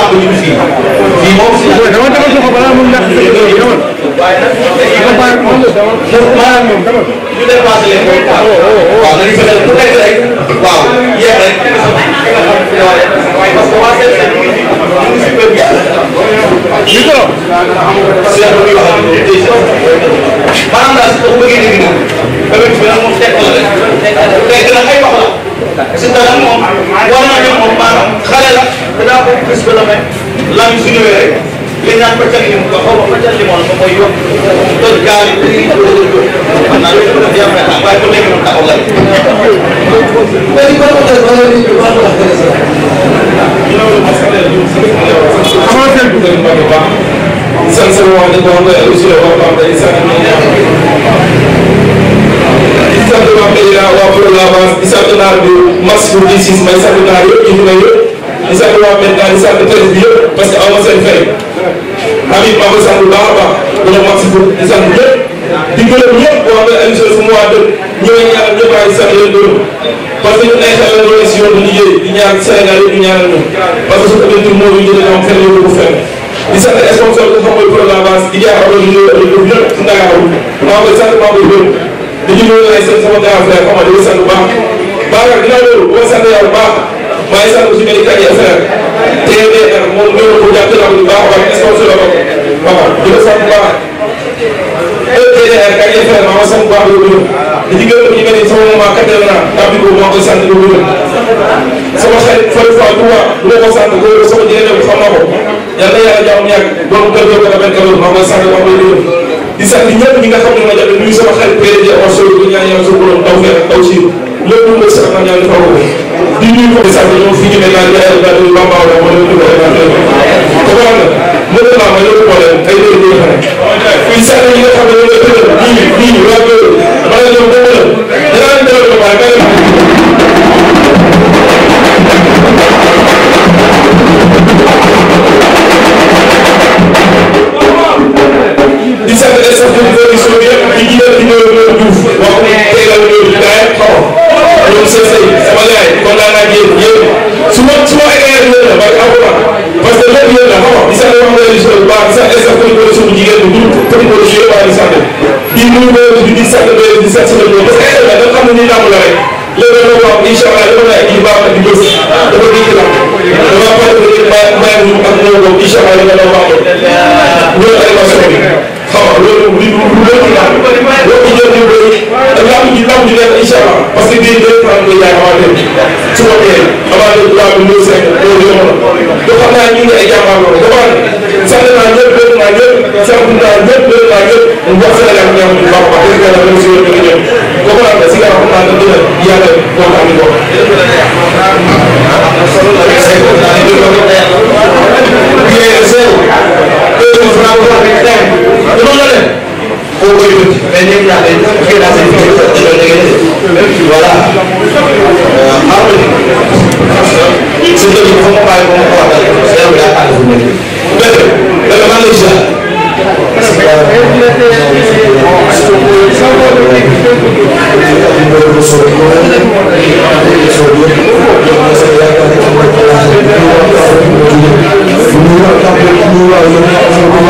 làmb ñu fii fii moom si dama dama jox ko balaa moom ndax waaye nag maanaam ñoom ñu dépassé leen mooy waaw waaw nañu fexe ku nekk rek waaw yeex rek ki nga xam ki nga xam fi waaye parce que waa seen seen ñu ngi si kër gi ñu ko seen lu muy wax maanaam daal su ko bëggee dégg moom tamit bi nag moom teg la rek teg nag ay wax la si dara moom war na ne moom maanaam xale la dinaa ko gis ba demee lan su ñëwee rek li ñaan ko cal lim ko xaw ma ko cal limoon ko mooy yóbbu tool gaal yi dañuy jógee jóg man naa loolu dafa jafe ah waaye bu nekk moom taxaw la. mais li ko doon def ba léegi ñu war ko wax dëgg sax. xamante ne bii dañu baax. seen seen wax dañu ko wax aussi dafa baax day sànni di sant waa Medina waa Pôle Avance di sant naar bi max bu di siis may sant naar yëpp indi na yëpp di sant waa Medina di sant presse bi yëpp parce que aw ma seen fay Habib maa ngi sant bu baax a baax bu max bu di sant ñëpp di gërëm ñëpp waa ba émission su mois de ñu ngi ñaanal ñëpp di sant leen gërëm parce que ñun ay xel la ñu si yoon di liggéey di ñaan Sénégal yëpp di ñaanal ñu parce que su ko defee moo ñu jëlee ñoom fenn yóbbu fenn di sant sponsor bi nga xam mooy Pôle Avance di jaay amoon ñu ñëw ak ñëpp ñëpp Ndakaaru maa ngi koy sant maa ngi koy gërëm di ñu de ay sama grand frère Omar di ko sant bu baax Babacar dinaa loolu bu ma sant yàlla bu baax maa ngi sant aussi benn kàddu yi frère TDR moom loolu bu jàpp naa ko bu baax a baax sponsor la ko waaw di ko sant bu baax TDR kàddu yi frère maa ma sant bu baax di ko gërëm di ci gërëm ñu mel ni sama maman Kader naa tàbbi ko maa koy sant di ko gërëm sama xarit Faye Fall bu baax bu ma ko sant ko sama jërëjëf xam naa ko yàlla yàlla jàmm yàgg doomu kër gi ak benn kër maa koy sant maa koy gërëm di sant ñëpp ñi nga xam ne ma jàpp nuyu sama xarit PDG Omar Sow di ñaan yàlla suñu borom taw feex ak taw ci lépp lu sax ma ñaan taw ko di nuyu ko di sant ñoom fi ñu ne naan jaay daal di bambaaw la wala ñu ko defal leen ko ko am mo la ma ñu ko leen ay dëgg ñu xane fi sant ñi nga xam ne ñu tëdd ñi ñi waa gël ma la ñu ko la daan dëgg ma yéen yéen su ma su ma eggee rek yéen la parce que alquran parce que lépp yéen la xam nga Issa dafa am religion bu baax Issa Issa ko ko suñu jigéen bu dul ko ko suñu waa di sant di mu ko di di sant ba di sant sama parce que Issa dafa xam ne nii làmb la rek léegi nag wax incha allah dafa lay di baax ak di bës dafa di ci làmb dafa pare ko di may may ñu ak ñoo ko incha allah dafa la wax ñoo ay ma sori xam nga loolu di lu lu lu ji taw ji nekk incha allah parce que bii day faral di jaay amateur bi su ma teel amateur bi daal di ñëw seen loolu jamono te xam naa ñu ngi ay jàmbaar loolu dafa am sant naa ñëpp gërëm naa ñëpp sant naa ñëpp gërëm naa ñëpp mu wax Sénégal ñu am baax a baax dégg naa la même si yow da nga ñëw boo ko amee si nga xam naa ne dina yàggal boo ko amee boo ko. ko koy dëkk mais ñoom ñaar dañuy xëy na seen kii la loolu da ngay def voilà maa ngi lay sa dëkk bi fa ma bàyyi ko ma ko waxtaan rek parce que yow yaa ànd fu mu nekk. dëgg la dëgg maa ngi lay ziar. Thank you.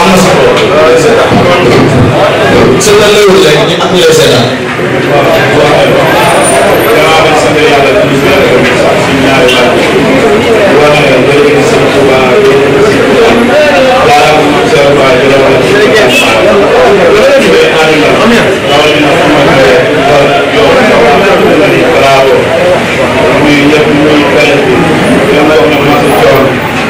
am na solo. sëñ la lay wut rek ñu am ñu lay seetaan. Thank you.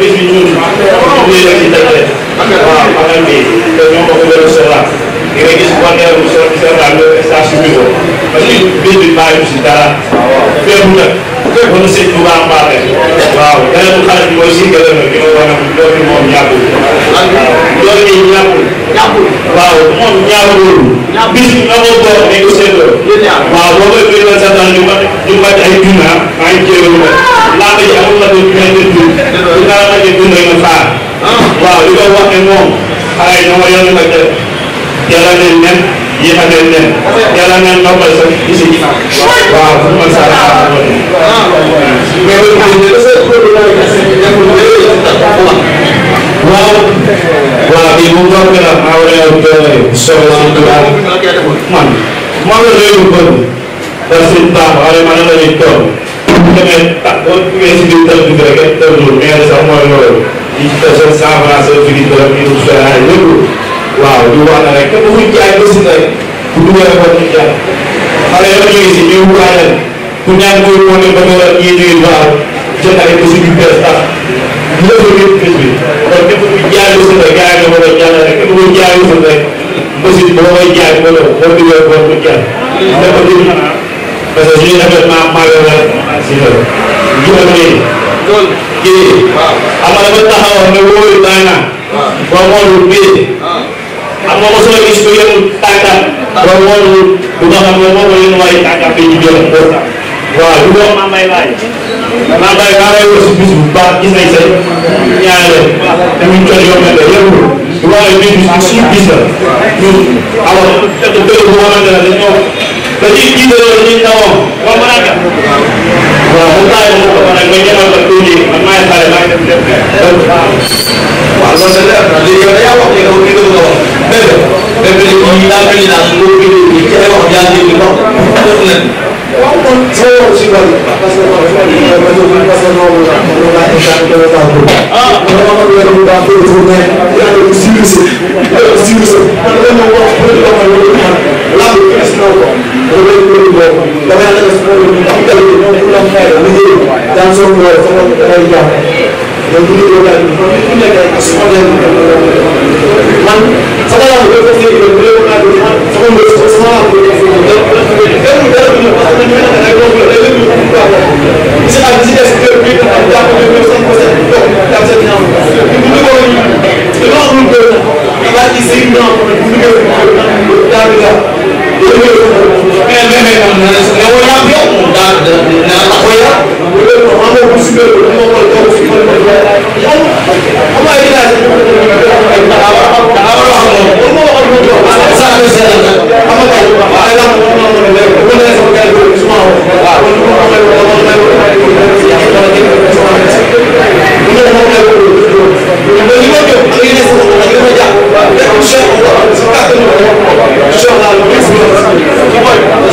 bis bi ñun. waaw maanaam bi ñoo ko gën a seetaan di nga gis wanteer bu seetaan station bi ko parce que bis bi bàyyi si dara. waaw kon sëñ bu baax baax waaw beneen xarit bi mooy si gërëm ñu ngi woon ak loolu moom ñàkkul. loolu yi ñàkkul. ñàkkul waaw moom ñàkkul. bis bi nga ko toog ne ko seetloo. waaw boo koy gëj a seetal ñu mat ñu mat ay junne ah. maa ngi jéem a laata ji amul nag ñu nekk dund. bu dara nag ñu dund nga faar. Ah. waaw li ko wax ne moom. xale yi ñoo ma yor nag jëlaat leen nen. yéex a leen dem yàlla ngeen xamal sax gis nga waaw bu ma saa la waaw waaw bii moom toog na la awreew soxla man moom la réewu bër parce que taam awre ma ne la ñuy toog bu demee ah boo duggee si biir tëb bi rek tëb loolu mais sax mooy loolu di tësal saa France fi di tëb ñu di wax rek te bu muy jaay ba si rek bu dugalee ko ñu jàpp xale yoo ñu ngi si ñuy waajal ku ñaan koy wóote ba nga war ñii ñuy baax jël ay bési yu bees tax ñu la ko yëpp bis bi kon képp ku jaay ba si rek gaa yi nga war a jàll rek képp ku jaay ba si rek bési bi ba koy jaay ba la war di wér war mu jàll dafa dund parce que suñu événement maa ngi war si loolu ñu ko nii kii xam nga dafa taxawoon ne wóoyu daanaa ba moolu bii xam nga mosoo gis ko yëngu tànkam ba moom du nga xam ne moo ko yëngu waaye tànkam fii ci biir waaw du ko maa mbay baay maa mbay baay wër si bis bu baax gis nañ sa ñaareel te ñu coono yoo mel ne yëpp du waaye bis bu suñu bis la ñun alors dëkk boo xamante ne dañoo dañuy jiitaloo dañuy tawoo ba mën a waaw bu tawee mu ko nag nga ñëwal la tuuti man maay xale maa ngi def lépp. waaw loolu da nga def léegi yow da yaa wax li nga li nga bëgg a wax dégg nga dégg nga ñun daal mel ni daal boo déggee nii ci ay wax yaa ngi dégg ndox def nañ. waaw kon soo yor si loolu. parce que parce que parce que noonu la moom la ñu daan doon daal ko. ah man ma xam ne daal ko tourné yaa ngi ko siwise siwise. man la ñu wax ñu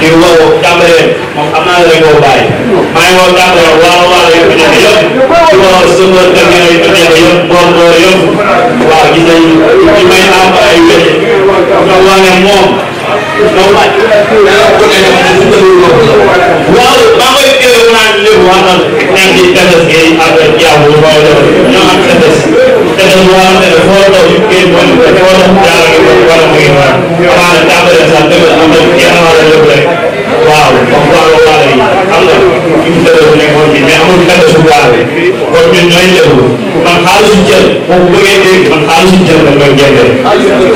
di woo tàmbalee moom xam naa ne rek woo bàyyi maa ngi woo tàmbalee waaw waaw yëpp nekk yëpp di woo sama kër yi nekk yëpp boor boor yëpp waaw gis nañ ci may am ay wér nga wane moom nga wàcc ku nekk mu tëdd waaw maa ngi koy déglu naan lépp waxal nekk ci tefes gi ak jaamu waaye ñoo am tefes te loolu moo xamante ne foo toog génn wala foo toog jaarale ko wala mu ngi war amaana tàmbale sax dëgg am na jeexamaale lépp rek waaw comme wàllu wàll yi am na fi mu dëgg nekkoon bi mais amul benn suuf waale kon ñun ñooy déglu man xaalisu jël moom bu bëggee dégg man xaalisu jël dañ may génneel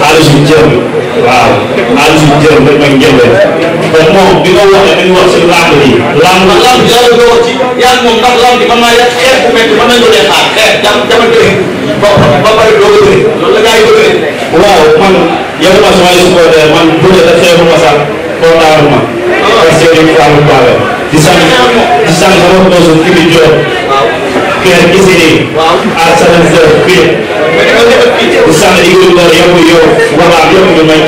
xaalisu jël waaw xaalisu jël dañ may génneel kon moom bi nga waxee dañu wax si làmb yi làmb man làmb yàlla nga wax ci yàlla moom ndax làmb bi mën naa yàq xeex bu métti mën nañu leen xaar xeex jam jamante ba ba pare doo bëri loolu la gars yi bëri waaw man yow ma sama supporter man bu dee da xeexu ma sax kontaanu ma ah. parce que dañu faamu baale di sant di sant sama poche kii bi Diop kër gi si nii. à semaine de fii. bu sax di gën a yóbbu yow wala yóbbu ñu may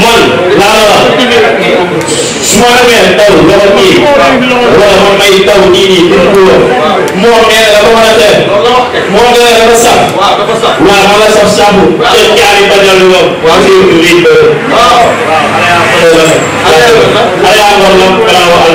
man laa la wax su taw loxo kii wala may taw kii nii pour moom nee na dafa mën a teel. moom nee na dafa saf. waaw dafa saf. waaw xam nga saf saabu. waaw te ñaari bañal yu bëri. waaw si lii bëri. waaw waaw. alhamdulilah. alhamdulilah.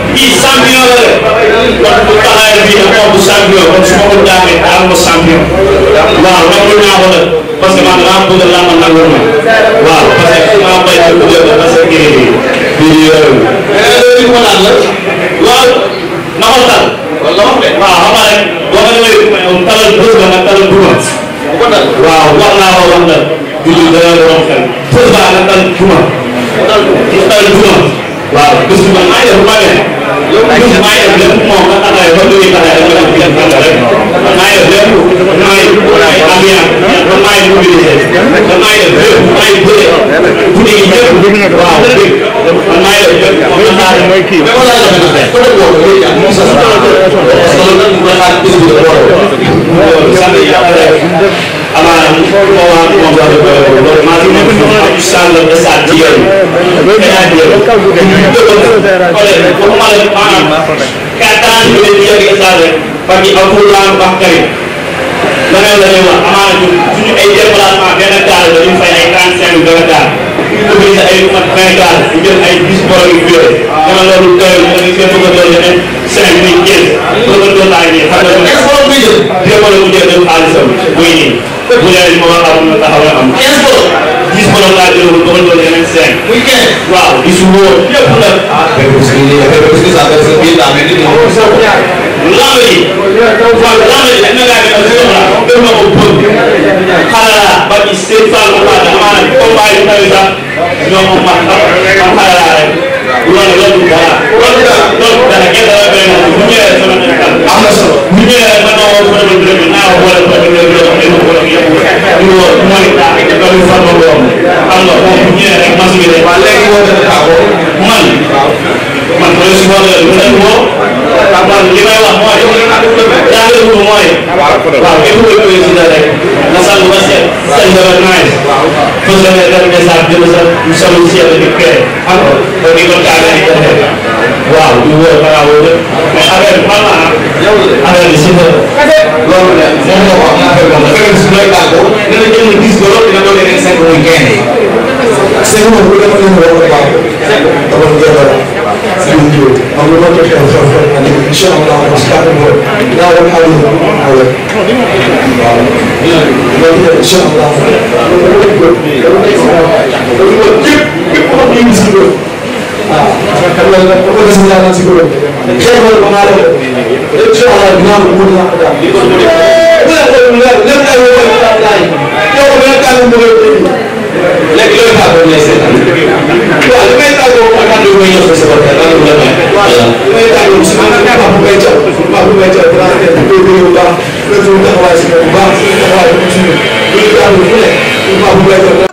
kii champion la rek kon bu taxawaay bi dafa bu champion kon su ma ko jaayee daal ma champion waaw nangul naa ko nag parce que man daa bëgg laa ma nangul ma waaw parce que maa bay te bu jël parce que kii bii bii yooyu loolu ko naan la loolu na ko dal waaw xam nga rek boo ko defee talal bës ba nag talal duma waaw wax naa ko wax na julli dana doon xel bës ba nag talal duma talal duma waaw bés bu ma def ma leen. yow maa ngi def lépp moom la tax a yëg ba léegi tax a yëg rek maa ngi def lépp maa ngi maa ngi am yaa man maa ngi mobilisé man maa ngi def lépp maa ngi bëre bu dee yëpp waaw dégg man maa ngi def lépp man maa ngi mooy kii. mais wala la nga def côté boobu day am moom sax parce que loolu nag mu koy xaar bés bi la boole. sant yàlla amaana bi ñu ko waa moom sax dafa bëri woon loolu maa ngi nekk fii ak sàll de sàll ci yoon bi dinaa jël ñu dëkkal collègue bi pour mën a maanaam quatre ans ñu leen jël ak sàll rek parce que amul laan baax kari ma ne la ñu wax amaana ñun suñu ay déplacement benn gaal la ñu fay ay trente cinq benn gaal ñu sa ay mat vingt gaal ñu jël ay dix borom yu jógee ma ne loolu doyul da nga bëgg a doon yeneen cinq mille quinze bëgg a doon laaj nii xam nga démb la mu jël dem xaalisam muy nii bu ñëwee ñu war a am taxawal am. 15 bopp. 10 bopp laa jëloon ba ko doon yeneen 5. muy 15. waaw 10 wóor yëpp la. ah làmb ji waaw làmb ji nag nag ak soxla gën ma ko bëgg xalala ba ci seen fàll mu wàll amaana combat yi tawi sax ñoo ko mat xam xalala rek loolu loolu dara loolu dara loolu dara kenn dara benn bu ñëwee rek sama am na solo bu ñëwee rek man maa woo ko dama dëgg naa woo wala ko dëgg loolu xam ne ko yëpp ñu woo mooy daa loolu fan ma borom xam nga moom bu ñëwee rek ma si gën waaw léegi woo dana tàggoo man man ma ne si woo dana woo kon li may wax mooy. jàngatu ko mooy. waaw képp kuy président rek na sànq ba seen seen gouvernement yi. fonctionnaire def des sacs jënd sa solo si yàlla di créé xam nga di ko taalee di ko def waaw di wóor balaa wóor mais affaire bi man laa affaire bi si la. loolu de moom moo ko am affaire boobu affaire bi su looy tàggoo dina jël na 10 dollars dina doon yeneen 5 muy 15 yi. 5 moom bu dee ko ñëw rek waaw. I'm going to care for it and inshallah I'm starting work. Now I'm out of work. Inshallah. Thank you. nekk loolu laa doon lay seetal waaw li may tàggoo mooy man li may ñor sa bopp rek lan la may. voilà li may tàggoo si man maa bu may caw maa bu may caw dinaa nekk bu góorgóorlu bu baax dina taxawaay si bu baax taxawaay bu tudd bu ñu tàggoo fu nekk maa bu may caw